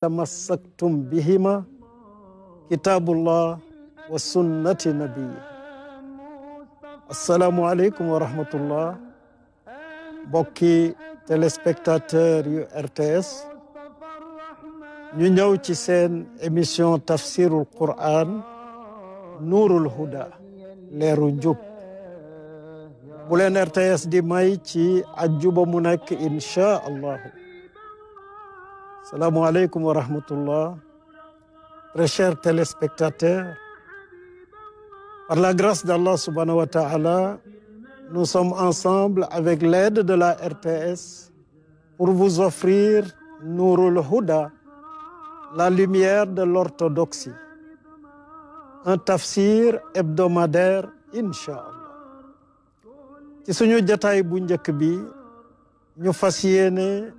tamassaktum bihima kitaabullah wa sunnati nabii assalaamu aleykum wa rahmatullah mbokki téléspectateur yu RTS ñu ñëw ci seen émission tafsirul Qur'an nuurul huda leeru njub bu leen RTS di may ci ajjuba mu nekk inchaa allahu salaamaaleykum wa rahmatullah très chers téléspectateurs par la grâce d'Allah subhanahu wa ta'ala nous sommes ensemble avec l'aide de la RTS pour vous offrir Nourul Huda la lumière de l'orthodoxie un tafsir hebdomadaire incha allah ci suñu jataay bu njëkk bi ñu fas yéene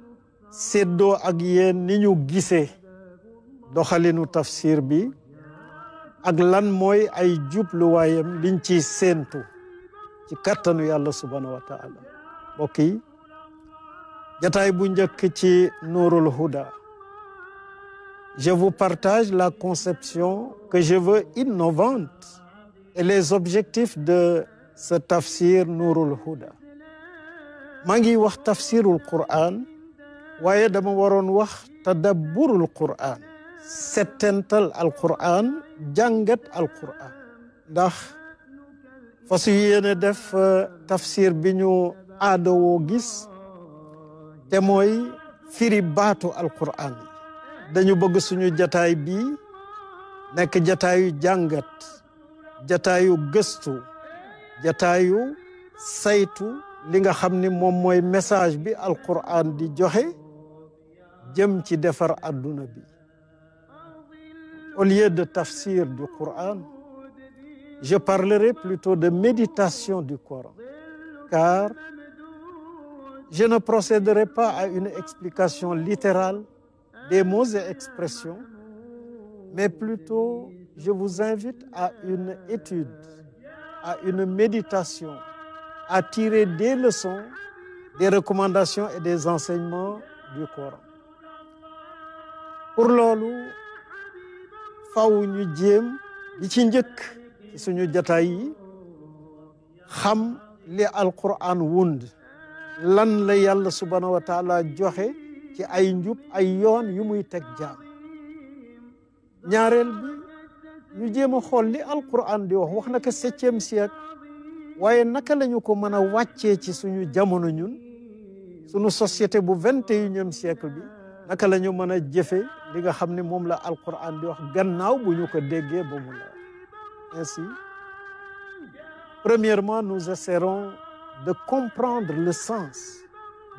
séddoo ak yéen ni ñu gisee doxalinu tafsir bi ak lan mooy ay jubluwaayam liñ ci séentu ci kàttanu yàlla subhaanahu wa taala mbokk jataay bu njëkk ci Nuurul Huda je vous partage la conception que je veux innovante et les objectifs de ce tafsir Nuurul Huda maa ngi wax tafsirul Qur'an waaye dama waroon wax tadabburul qur'an settental alqur'an jàngat alqur'an ndax fasu yéene def euh, tafsir bi ñu aadowoo gis te mooy firi baatu alqur'an dañu bëgg suñu jataay bi nekk jataayu jàngat jataayu gëstu jataayu saytu li nga xam ni moom mooy message bi alqur'an di joxe jëm ci defar adduna bi au lieu de tafsir du Coran je parlerai plutôt de méditation du Coran car je ne procéderai pas à une explication littérale des mots et expressions mais plutôt je vous invite à une étude à une méditation à tirer des leçons des recommandations et des enseignements du Coran pour loolu faw ñu jéem di ci njëkk ci suñu jataay yi xam li alquran wund lan la yàlla subhanahu wa joxe ci ay njub ay yoon yu muy teg jaam ñaareel bi ñu jéem a xool li alquran di wax wax na ko septième siècle waaye naka lañu ko mën a wàccee ci suñu jamono ñun suñu société bu vingt et unième bi naka la ñu mën a jëfe li nga xam ni moom la alquran di wax gannaaw bu ñu ko déggee ba mu la ainsi premièrement nous essaierons de comprendre le sens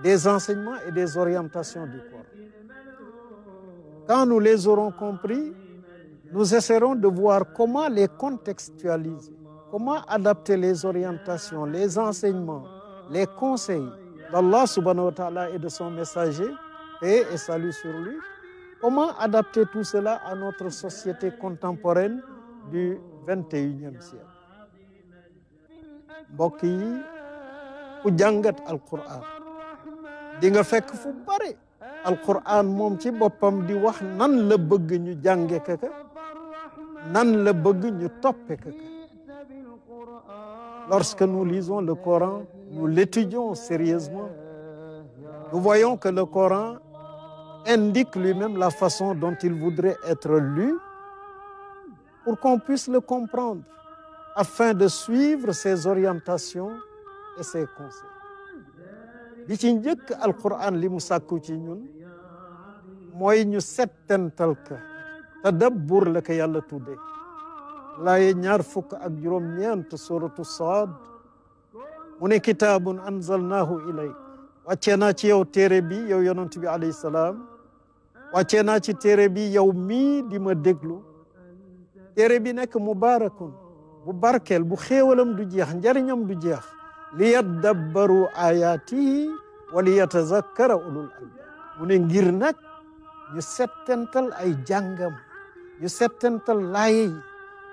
des enseignements et des orientations du Coran quand nous les aurons compris nous essaierons de voir comment les contextualiser comment adapter les orientations les enseignements les conseils la subhanahu wa la et de son messager paix et salut sur lui, comment adapter tout cela à notre société contemporaine du 21e siècle mbokk yi ku jàngat alquran di nga fekk fu bare alquran moom ci boppam di wax nan la bëgg ñu jànge kaka nan la bëgg ñu toppe kaka lorsque nous lisons le Coran nous l'étudions sérieusement nous voyons que le Coran indique lui-même la façon dont il voudrait être lu pour qu'on puisse le comprendre afin de suivre ses orientations et ses conseils li ci njëkk alquran li mu sàkku ci ñun mooy ñu settental ka tadabbur la ko yàlla tudde laaye ñaar fukk ak juróom ñeent suratu saad mu ne kitaabun anzalnaahu ilayk wàccee naa ci yow téere bi yow yonent bi alayhi salaam wàccee naa ci téere bi yow mii di ma déglu téere bi nekk mubaarakun bu barkeel bu xéewalam du jeex njariñam du jeex li yaddabbaru ayaatihi wa li yatazakkara ulul albaab mu ne ngir nag ñu settantal ay jàngam ñu settental laaye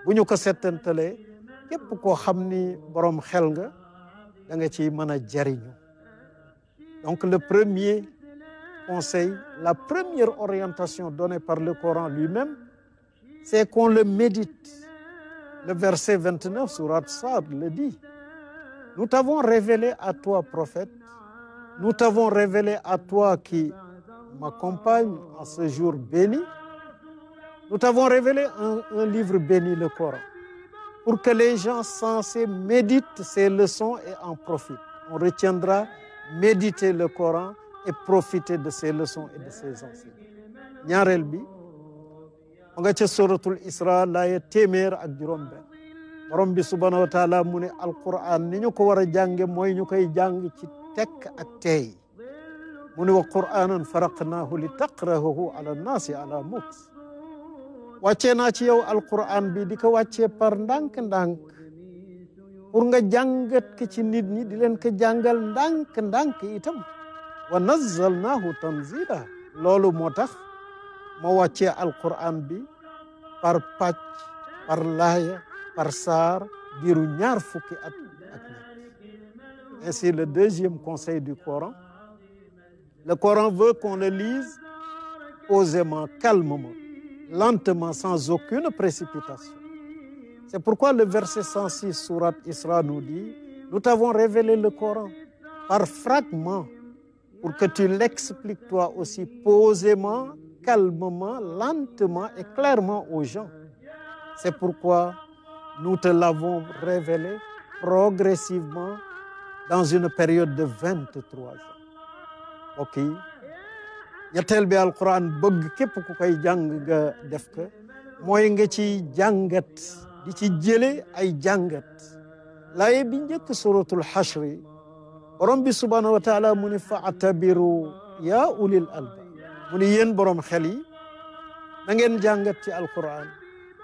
bu ñu ko settantalee képp koo xam ni boroom xel nga da nga ciy mën a jariñu donc le premier conseil, la première orientation donnée par le Coran lui-même, c'est qu'on le médite. Le verset 29, sourate Sad, le dit. Nous t'avons révélé à toi, prophète, nous t'avons révélé à toi qui m'accompagne en ce jour béni, nous un, un livre béni, le Coran, pour que les gens sensés méditent ces leçons et en profitent. On retiendra méditer le Coran et profiter de ses leçons et de ses ñaareel bi ma nga ca suratul isra laaya ak juróom benn borom bi subhanahu mu ne alquran ni ñu ko war a jànge mooy ñu koy jàng ci tek ak teey mu ne wa quranan faraqnaahu li taqrahu ala nnaasi ala muks wàccee naa ci yow alquran bi di ko wàccee par ndànk-ndànk pour nga jàngat ko ci nit ñi di leen ko jàngal ndànk-ndànk itam wa nazzalnaahu tanzila loolu moo tax ma wàccee alquran bi par pàcc par laaya par saar diiru ñaar fukki at ak ñett ainsi le deuxième conseil du Coran le Coran veut qu'on le lise posément calmement lentement sans aucune précipitation c'est pourquoi le verset 106 sourate Isra nous dit nous t'avons révélé le Coran par fragments pour que tu l'expliques toi aussi posément, calmement, lentement et clairement aux gens. C'est pourquoi nous te l'avons révélé progressivement dans une période de 23 ans. mbokk yi ñetteel bi alquran bëgg képp ku koy jàng nga mooy nga ci jàngat di ci jële ay jàngat laaye bi njëkk suratul xashri borom bi subhanahu wa taala mu ni fa atabiru ya ulil alba mu ni yéen borom xel yi na ngeen jàngat ci alquran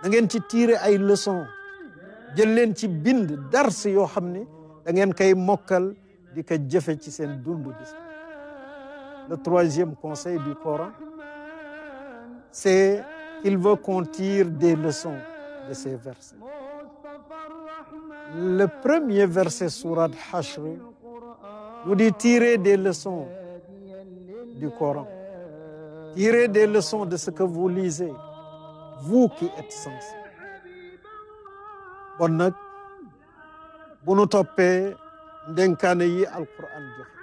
na ngeen ci tiire ay leçon jël leen ci bind dars yoo xam ne da koy mokkal di ko jëfe ci seen dund bis le troisième conseil du Coran c'est il veut qu'on des leçons de ces versets le premier verset sourate Hashr nous di tiire des leçons du Coran, tirer des leçons de ce que vous lisez, vous qui êtes sensible. kon nag bu nu toppe ndenkaane yi alquran joxe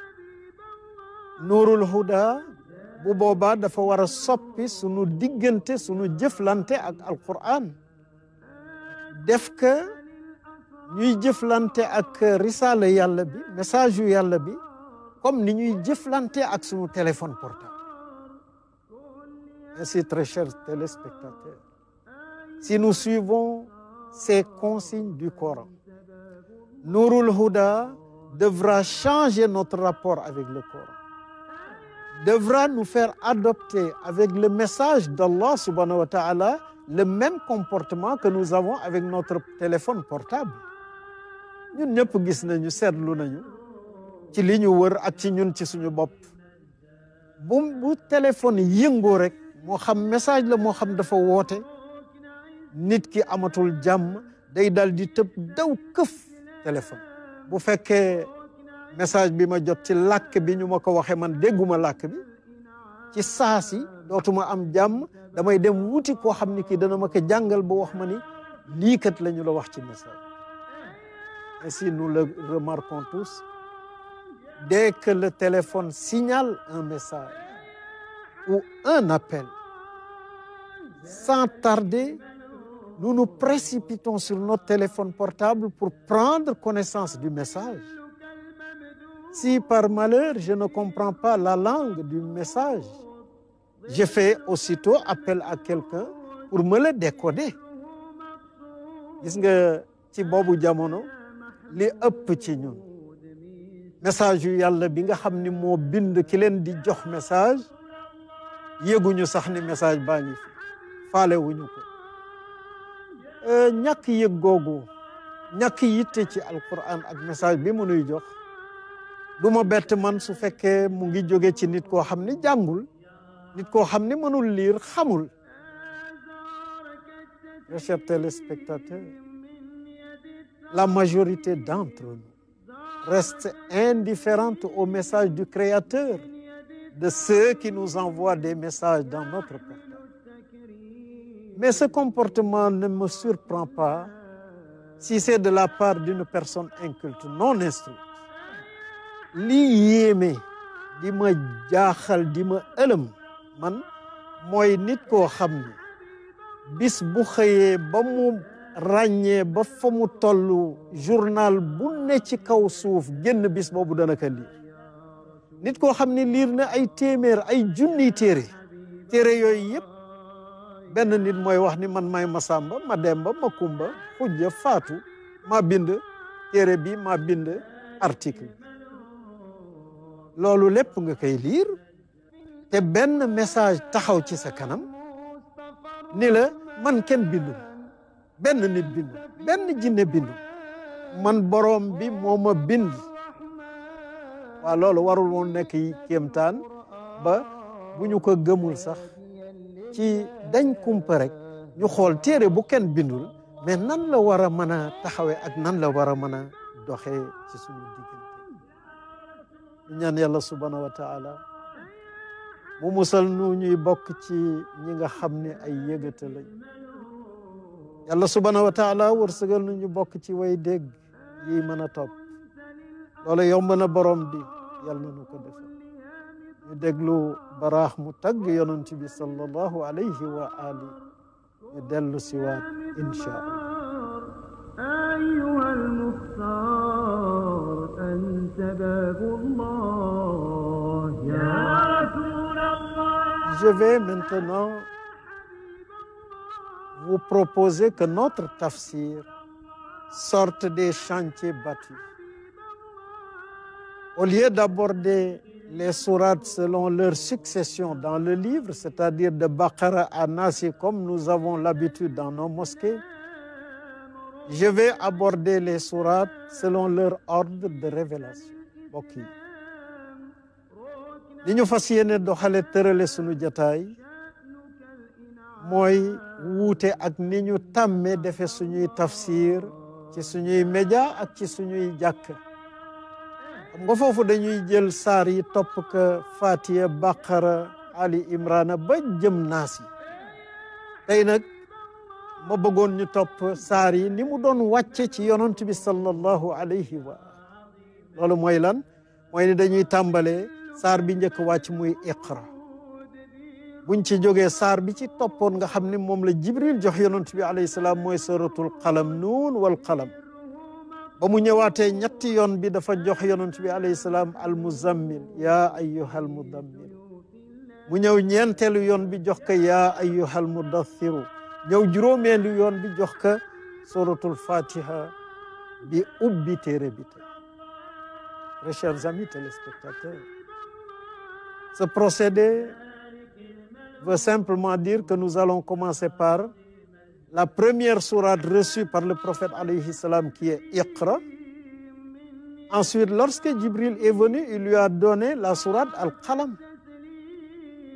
nuurul huda bu boobaa dafa war a soppi sunu diggante sunu jëflante ak alquran def ka ñuy jëflante ak risaala yàlla bi message yu yàlla bi comme ni ñuy jëflante ak suñu téléphone portable ainsi très chers téléspectateurs si nous suivons ces consignes du Coran Nourul Huda devra changer notre rapport avec le Coran devra nous faire adopter avec le message d'Allah subhanahu wa ta'ala le même comportement que nous avons avec notre téléphone portable ñun ñëpp gis nañu seetlu nañu ci li ñu wër ak ci ñun ci suñu bopp bu téléphone yëngoo rek moo xam message la moo xam dafa woote nit ki amatul jàmm day dal di tëb daw këf téléphone bu fekkee message bi ma jot ci làkk bi ñu ma ko waxee man dégguma làkk bi ci saasi dootuma am jàmm damay dem wuti koo xam ni kii dana ma ko jàngal ba wax ma ni liikat lañu la la wax ci message Ainsi, nous le remarquons tous. Dès que le téléphone signale un message ou un appel, sans tarder, nous nous précipitons sur notre téléphone portable pour prendre connaissance du message. Si par malheur je ne comprends pas la langue du message, je fais aussitôt appel à quelqu'un pour me le décoder. gis nga ci boobu jamono li ëpp ci ñun message yu yàlla bi nga xam ni moo bind ki leen di jox message yéguñu sax ni message baa ngi fi faalewuñu ko euh, ñàkk yëg googu ñàkk yitte ci alquran ak message bi mu nuy jox du ma bett man su fekkee mu ngi jóge ci nit koo xam ni jàngul nit koo xam ni mënul liir xamul. Chers téléspectateurs la majorité d'entre nous reste indifférente au message du Créateur, de ceux qui nous envoient des messages dans notre portable. Mais ce comportement ne me surprend pas si c'est de la part d'une personne inculte, non instruite. li yéeme di ma jaaxal di ma nit koo xam ne bis bu xëyee ràññee ba famu mu toll journal bu ne ci kaw suuf génn bis boobu dana ko liir nit koo xam ne liir na ay téeméer ay junniy téere téere yooyu yëpp benn nit mooy wax ni man may Masamba ma Demba ma Kumba Xujja Faatu maa bind téere bi ma bind article loolu lépp nga kay liir te benn message taxaw ci sa kanam ni la man kenn bindu benn nit bind benn jinne bind man boroom bi moo ma bind waaw loolu warul woon nekk kéemtaan ba bu ñu ko gëmul sax ci dañ kumpa rek ñu xool téere bu kenn bindul mais nan la war a mën a taxawe ak nan la war a mën a doxe ci suñu diggante ñaan yàlla subhanahu wa taala mu musal nu ñuy bokk ci ñi nga xam ni ay yëgata lañ yàlla subhanahu wa taala wërsëgal nu ñu bokk ci way dégg yi mën a topp loolu yomb na borom bi yàlla na nu ko defal ñu déglu baraax mu tagg yonent bi sallallahu alayhi wa ali ñu dellu si waat incha allah je vais maintenant vous proposer que notre tafsir sorte des chantiers battus. Au lieu d'aborder les sourates selon leur succession dans le livre, c'est-à-dire de Baqara à Nasi, comme nous avons l'habitude dans nos mosquées, je vais aborder les sourates selon leur ordre de révélation mbokk yi li ñu fas yéene doxale tërale sunu jataay mooy ah. wuute ak ni ñu tàmme defe suñuy tafsir ci suñuy média ak ci suñuy jàkk xam nga foofu dañuy jël saar yi topp ka Fatiha Baqara Ali Imrana ba jëm naas yi tey nag ma bëggoon ñu topp saar yi ni mu doon wàcce ci yonent bi sallallahu alayhi wa loolu mooy lan mooy ni dañuy tàmbalee saar bi njëkk wàcc muy iqra buñ ci jógee saar bi ci toppoon nga xam ne moom la jibril jox yonent bi alayhi salaam mooy suratul qalam nuun wal qalam ba mu ñëwaatee ñetti yoon bi dafa jox yonent bi alayhi salaam al muzammil yaa mudammil mu ñëw ñeenteelu yoon bi jox ko yaa ayyuhal mudathiru ñëw juróomeelu yoon bi jox ka suratul fatiha bi ubbi téere bi te très ce procédé veut simplement dire que nous allons commencer par la première sourate reçue par le prophète alayhi salam qui est Iqra. Ensuite, lorsque Jibril est venu, il lui a donné la sourate al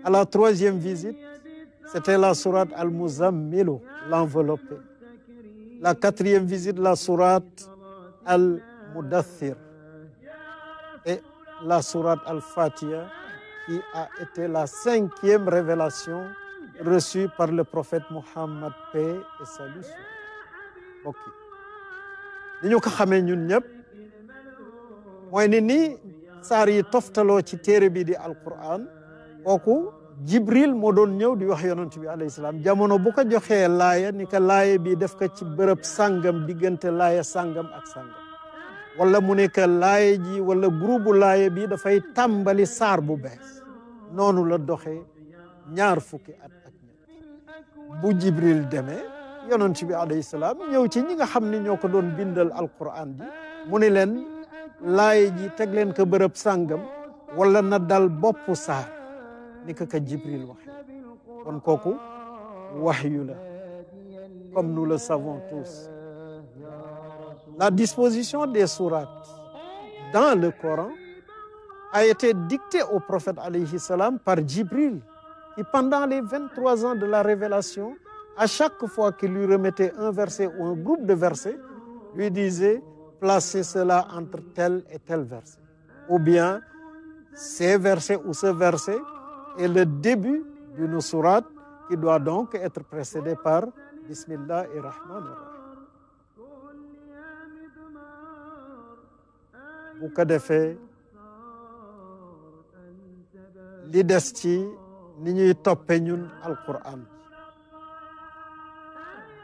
À la troisième visite, c'était la sourate Al-Muzammilu, l'enveloppée. La quatrième visite, la sourate al Et la sourate al qui a été la cinquième révélation reçue par le prophète Muhammad paix et salut ni ñu ko xamee ñun ñëpp moy ni ni saar yi toftaloo ci téere bi di alquran kooku jibril moo doon ñëw di wax yonent bi alayhi salaam jamono bu ko joxee laaya ni ko laaya bi def ko ci bërëb sàngam diggante laaya sangam ak sàngam wala mu ne que laay ji wala groupe bu laay bi dafay tàmbali saar bu bees noonu la doxe ñaar fukki at ak ñett bu jibril demee yonent bi alayhi salaam ñëw ci ñi nga xam ne ñoo ko doon bindal alquran bi mu ne leen laay ji teg leen ko bërëb sàngam wala na dal boppu saar ni ko ka jibril waxee kon kooku waxyu la comme nous le savons tous La disposition des sourates dans le Coran a été dictée au prophète alayhi salam par Jibril qui pendant les 23 ans de la révélation à chaque fois qu'il un verset un groupe de versets lui disait placez cela entre tel et tel verset bien ces versets ou ce est le début d'une sourate qui donc être précédée par Bismillahir Rahmanir bu ko defee li des ci ni ñuy toppe ñun alquran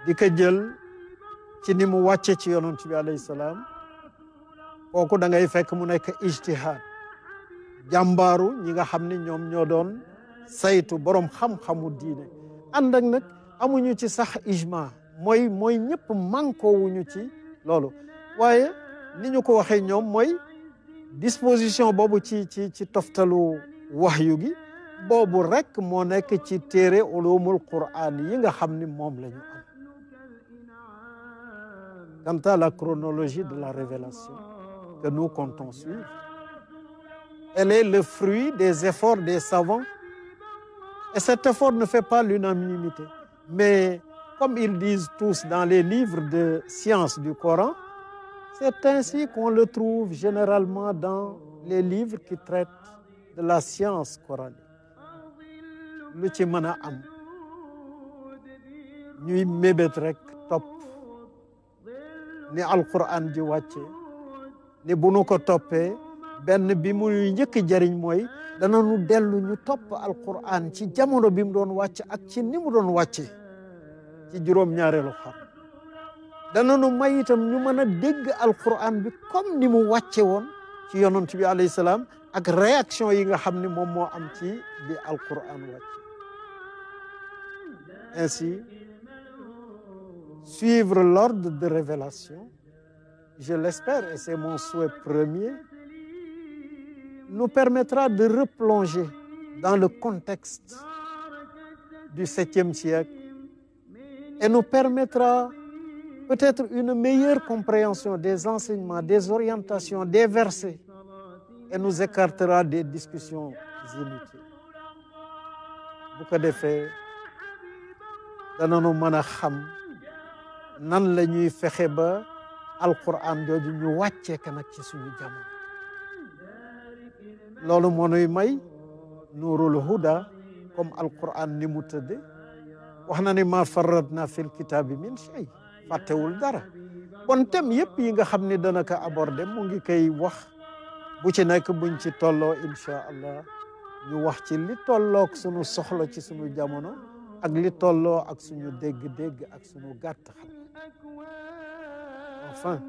di ko jël ci ni mu wàcce ci yoonu bi alayhi salaam kooku da ngay fekk mu nekk ijtihaad jàmbaaru ñi nga xam ni ñoom ñoo doon saytu borom xam-xamu diine ànd ak nag amuñu ci sax ijma moy mooy ñëpp mànkoo wuñu ci loolu waaye ni ñu ko waxee ñoom mooy disposition boobu ci ci ci toftalu waxyu gi boobu rek moo nekk ci téere ulumul quran yi nga xam ni moom la ñu la chronologie de la révélation que nous comptons suivre elle est le fruit des efforts des savants et cet effort ne fait pas l'unanimité mais comme ils disent tous dans les livres de science du Coran C'est ainsi qu'on le trouve généralement dans les livres qui traitent de la science coranique lu ci mën a am ñuy mébét rekk topp ni alquran ji wàcce ni bu nu ko toppee benn bi mu njëkk jariñ mooy dana nu dellu ñu topp alquran ci jamono bi mu doon wàcc ak ci ni mu doon wàcce ci juróom-ñaareelu xar dananu nu itam ñu mën a dégg alquran bi comme ni mu wàcce woon ci yonent bi alayhi salaam ak réaction yi nga xam ni moom moo am ci bi alquran wàcc ainsi suivre l'ordre de révélation je l'espère et c'est mon souhait premier nous permettra de replonger dans le contexte du septième siècle et nous permettra peut-être une meilleure compréhension des enseignements, des orientations, des versets, et nous écartera des discussions inutiles bu ko defee danañu mën a xam nan la ñuy fexe ba alquran jooju ñu wàccee ko nag ci suñu jamono loolu moo nuy may nuurul huda comme alquran ni mu tëdde wax na ne ma farratna fil kitaabi min shay fàttewul dara bon thème yëpp yi nga xam ni dana ko aborder mu ngi koy wax bu ci nekk buñ ci tolloo incha allah ñu wax ci li tollook sunu soxla ci sunu jamono ak li tolloo ak suñu dégg-dégg ak suñu gàtt xam enfin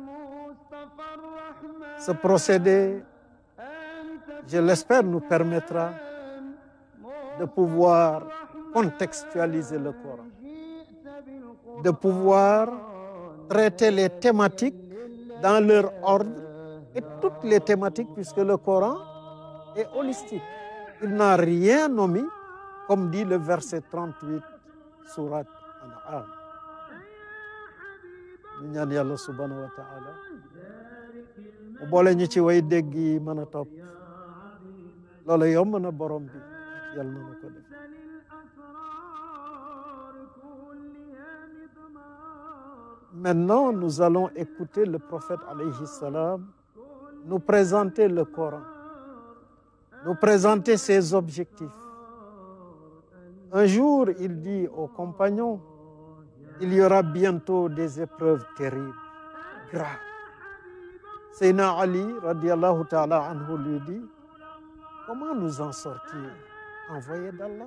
ce procédé je l'espère nous permettra de de pouvoir traiter les thématiques dans leur ordre et toutes les thématiques puisque le Coran est holistique. Il n'a rien omis, comme dit le verset 38, sourate An'am. ñu ñaan yàlla subhanahu wa mu boole ñu ci way dégg yi mën a topp loolu borom bi Maintenant, nous allons écouter le prophète alayhi salam nous présenter le Coran, nous présenter ses objectifs. Un jour, il dit aux compagnons, il y aura bientôt des épreuves terribles, graves. Seyna Ali, radiallahu ta'ala anhu, lui dit, comment nous en sortir envoyé d'Allah?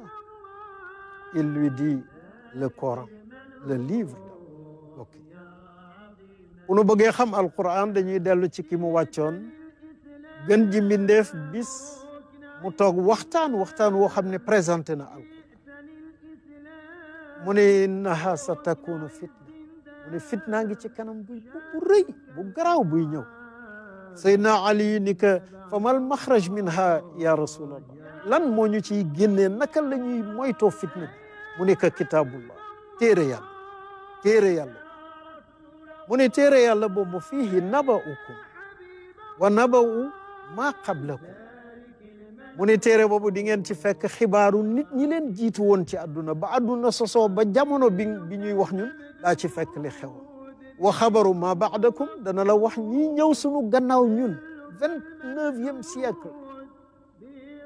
Il lui dit, le Coran, le livre bu nu bëggee xam alquran dañuy dellu ci ki mu wàccoon gën ji mbindeef bis mu toog waxtaan waxtaan woo xam ne présenté na alquran mu ne innaha sa takunu fitna mu ne fitnaa ngi ci kanam buy bu rëy bu garaaw buy ñëw saydna ali ni que fa mal maxraj minha ya rasulallah lan moo ñu ci génnee naka la ñuy moytoo fitna mu ne que kitaabullah téere yàlla téere yàlla mu ne téere yàlla boobu fiihi naba'ukum wa naba'u maa qablakum mu ne téere boobu di ngeen ci fekk xibaaru nit ñi leen jiitu woon ci àdduna ba àdduna sosoo ba jamono bi bi ñuy wax ñun daa ci fekk li xew wa xabaru maa ba'dakum dana la wax ñi ñëw sunu gannaaw ñun vingt-neuvième siècle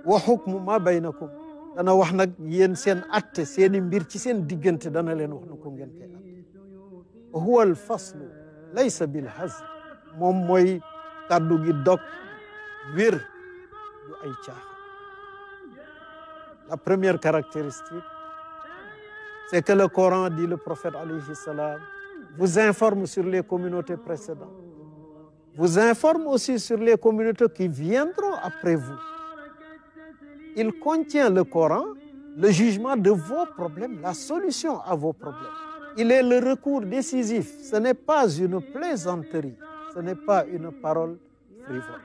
wa xukmu maa baynakum dana wax nag yéen seen atte seeni mbir ci seen diggante dana leen wax na ko ngeen kay huwa al faslu laysa bil hazl moom mooy kàddu gi dog wér du ay caaxaan la première caractéristique c'est que le Coran dit le prophète alayhi salam vous informe sur les communautés précédentes vous informe aussi sur les communautés qui viendront après vous il contient le Coran le jugement de vos problèmes la solution à vos problèmes Il est le recours décisif. Ce n'est pas une plaisanterie. Ce n'est pas une parole frivole.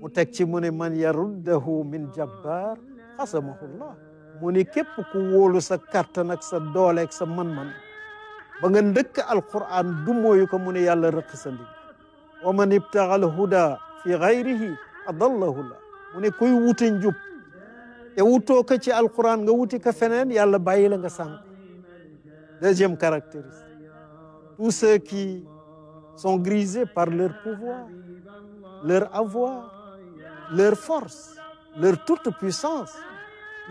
mu teg ci mu ne man yaruddahu min jabbar xasamahullah mu ne képp ku wóolu sa kàttan ak sa doole sa man-man ba nga ndëkk alquran du mooyu ko mu ne yàlla rëq sa ndig wa man ibtaxal huda fi gayrihi adallahullah mu ne kuy wuti njub te wutoo ko ci alquran nga wuti ka feneen yàlla bàyyi la nga sànq Deuxième caractéristique, tous ceux qui sont grisés par leur pouvoir, leur avoir, leur force, leur toute puissance,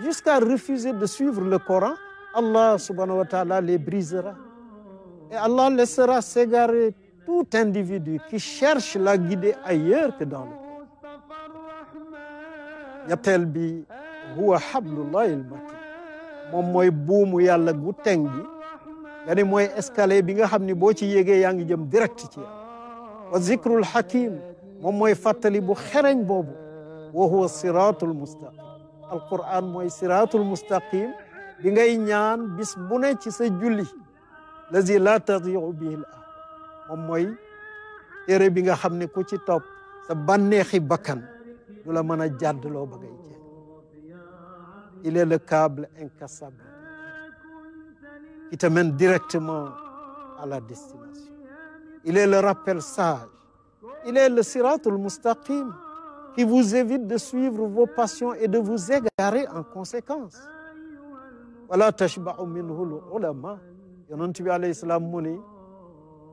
jusqu'à refuser de suivre le Coran, Allah subhanahu wa ta'ala les brisera. Et Allah laissera s'égarer tout individu qui cherche la guider ailleurs que dans le Coran. ñetteel bi huwa hablullahi al-matin moom mooy buumu yàlla gu teng dani mooy escalier bi nga xam ni boo ci yéegee yaa ngi jëm direct ci wa zikrul hakim moom mooy fàttali bu xereñ boobu wa huwa siratul mustaqim alquran mooy siratul mustaqim bi ngay ñaan bis bu ne ci sa juli lazi la tadiu bihi l am mooy téere bi nga xam ne ku ci topp sa bànneexi bakkan du la mën a jàddloo ba ngay jeex il est le câble incassable qui te mène directement à la destination. Il est le rappel sage. Il est le siratul mustaqim qui vous évite de suivre vos passions et de vous égarer en conséquence. wala tashba'u minhu l ulama yonent bi alayhi salaam mu ni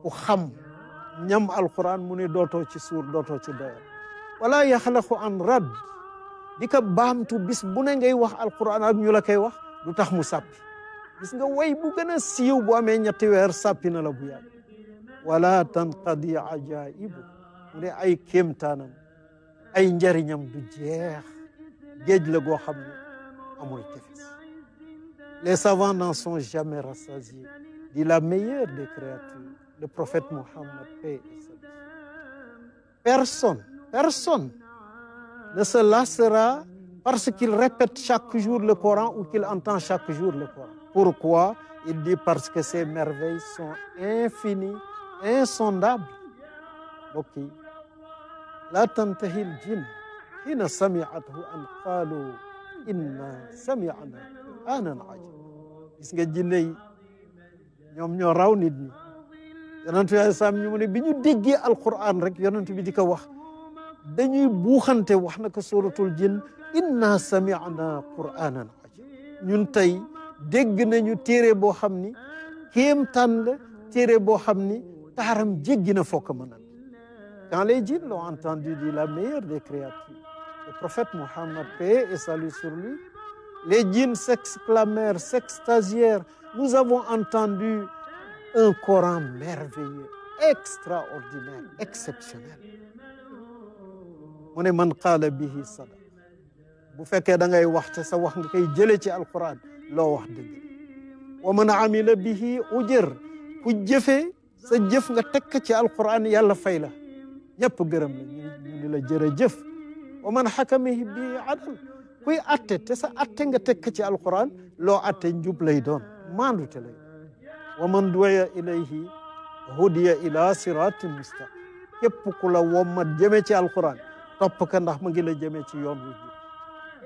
ku xam ñam alquran mu ni dootoo ci suur dootoo ci doyal wala yaxlaxu an rad di ko baamtu bis bu ne ngay wax alquran ak ñu la koy wax du tax mu sàppi gis nga way bu gën a siiw bu amee ñetti weer sàppi na la bu yàgg wala tanqadi ajaibu mu ne ay kéemtaanam ay njariñam du jeex géej la goo xam ne amul tefes les savants n'en sont jamais rassasiés dit la meilleure des créatures le prophète Mohammed paix et salut personne personne ne se lassera parce qu'il répète chaque jour le Coran ou qu'il entend chaque jour le Coran Pourquoi Il dit parce que ces merveilles sont infinies, insondables. mbokk yi laa tantahi l jinn an qaalu inna samiana quraanan ajaba gis nga jinne yi ñoom ñoo raw nit ñi yonent bi sam ñu mu ne bi ñu déggee alquran rek yonent bi di wax dañuy buuxante wax na ko suratul jinn inna samiana quraanan ajaba ñun tey dégg nañu téere boo xam ni kéemtaan la téere boo xam ni taaram jéggi na foo ko mënal quand les djinns l'ont entendu dire la meilleure des créatures le prophète Mohammed paix et sur lui les djinns s'exclamèrent s'extasièrent nous avons entendu un Coran merveilleux extraordinaire exceptionnel mu man qaala bihi sadaq bu fekkee da ngay waxte sa wax nga koy jële ci alquran loo wax dëgg wa man amila bihi ujër ku jëfe sa jëf nga tekk ci alquran yàlla fay la ñëpp gërëm la ñu ni la jërëjëf wa man xakama bihi adal kuy atte te sa nga tekk ci alquran loo atte njub lay doon maandute lay wa man duwiya ilayhi hudiya ila siratin mustaqim képp ku la wommat jëme ci alquran topp ka ndax mu ngi la jëme ci yoon wu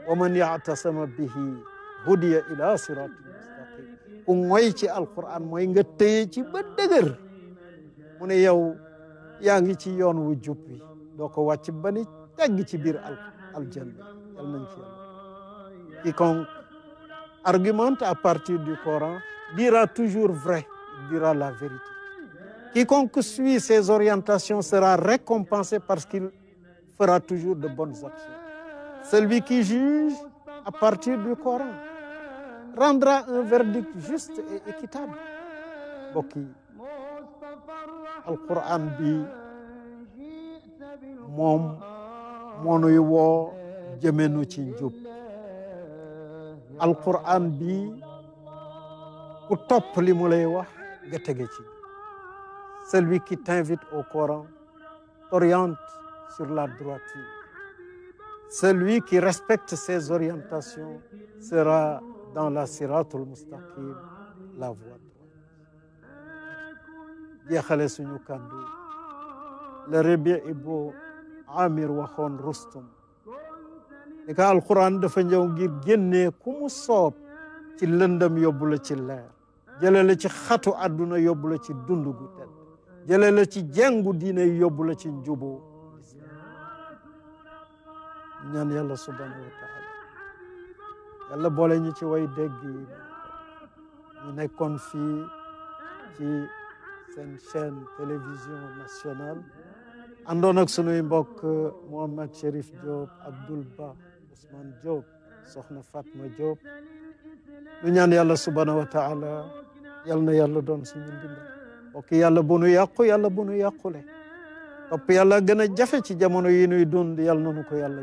wa man yaatasama bihi hudiya ila siraati mustaqim ku ngoy ci alquran mooy nga téye ci ba dëgër mu ne yow yaa ngi ci yoon wu jub bi doo ko wàcc ba ni ci biir al aljanna yal nañ ci yàlla quiconque argumente à partir du Coran dira toujours vrai dira la vérité quiconque suit ses orientations sera récompensé parce qu'il fera toujours de bonnes actions celui qui juge à partir du Coran rendra un verdict juste et équitable mbokk yi alquran bi moom moonuy woo jëmenu ci njub alquran bi ku topp li mu lay wax nga ci celui qui t'invite au Coran t'oriente sur la droiture celui qui respecte ses orientations sera dans la siratul mustaqim la voie droite jeexale suñu kàddu la rabi ibbo amir waxoon rustum ni ka alquran dafa ñëw ngir génnee ku mu soob ci lëndam yóbbu ci leer jële la ci xatu àdduna yóbbu ci dund tedd jële ci jengu diine yóbbu ci njubu ñaan yàlla subhanahu wa yàlla boole ñu ci way dégg yi ñu nekkoon fii ci seen chaîne télévision nationale àndoon ak sunuy mbokk Mouhamad Chérif Diop Abdoul Ba Ousmane Diop Soxna Fatma Diop ñu ñaan yàlla subhanahu wa taala yal na yàlla doon suñu ndimbal mbokk yàlla bu nu yàqu yàlla bu nu yàqule topp yàlla gën a jafe ci jamono yi nuy dund yàlla nanu ko yàlla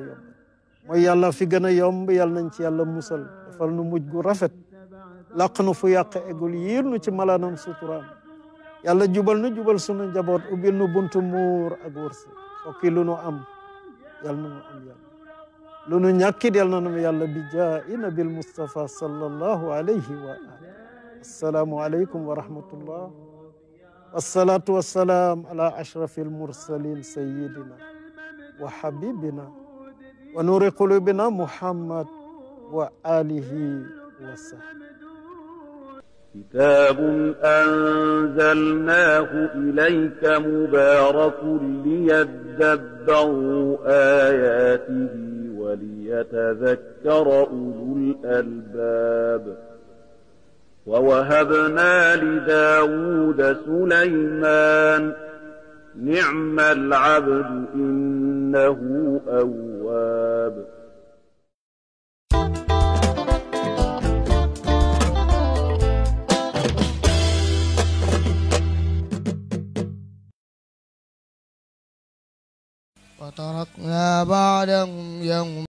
mooy yàlla fi gën a yomb yàlla nañ ci yàlla musal defal nu mujj gu rafet làq nu fu yàq egul yiir nu ci malaanam suturaam yàlla jubal nu jubal sunu njaboot ubbil nu buntu muur ak wërsëg fokki lu nu am yàlla na nu am yàlla lu nu ñàkkit yàlla na nu yàlla bi jaa'i nabil Mustafa sallallahu alayhi wa ali assalaamu aleykum wa rahmatullah wassalaatu wassalaam ala ashrafil mursalin sayyidina wa habibina wa nuuri qulubina muhammad wa alihi wa sahbi كتاب أنزلناه إليك مبارك ليدبروا آياته وليتذكر أولو الألباب ووهبنا لداود سليمان نعم العبد إن إنه أواب وتركنا بعدهم يوم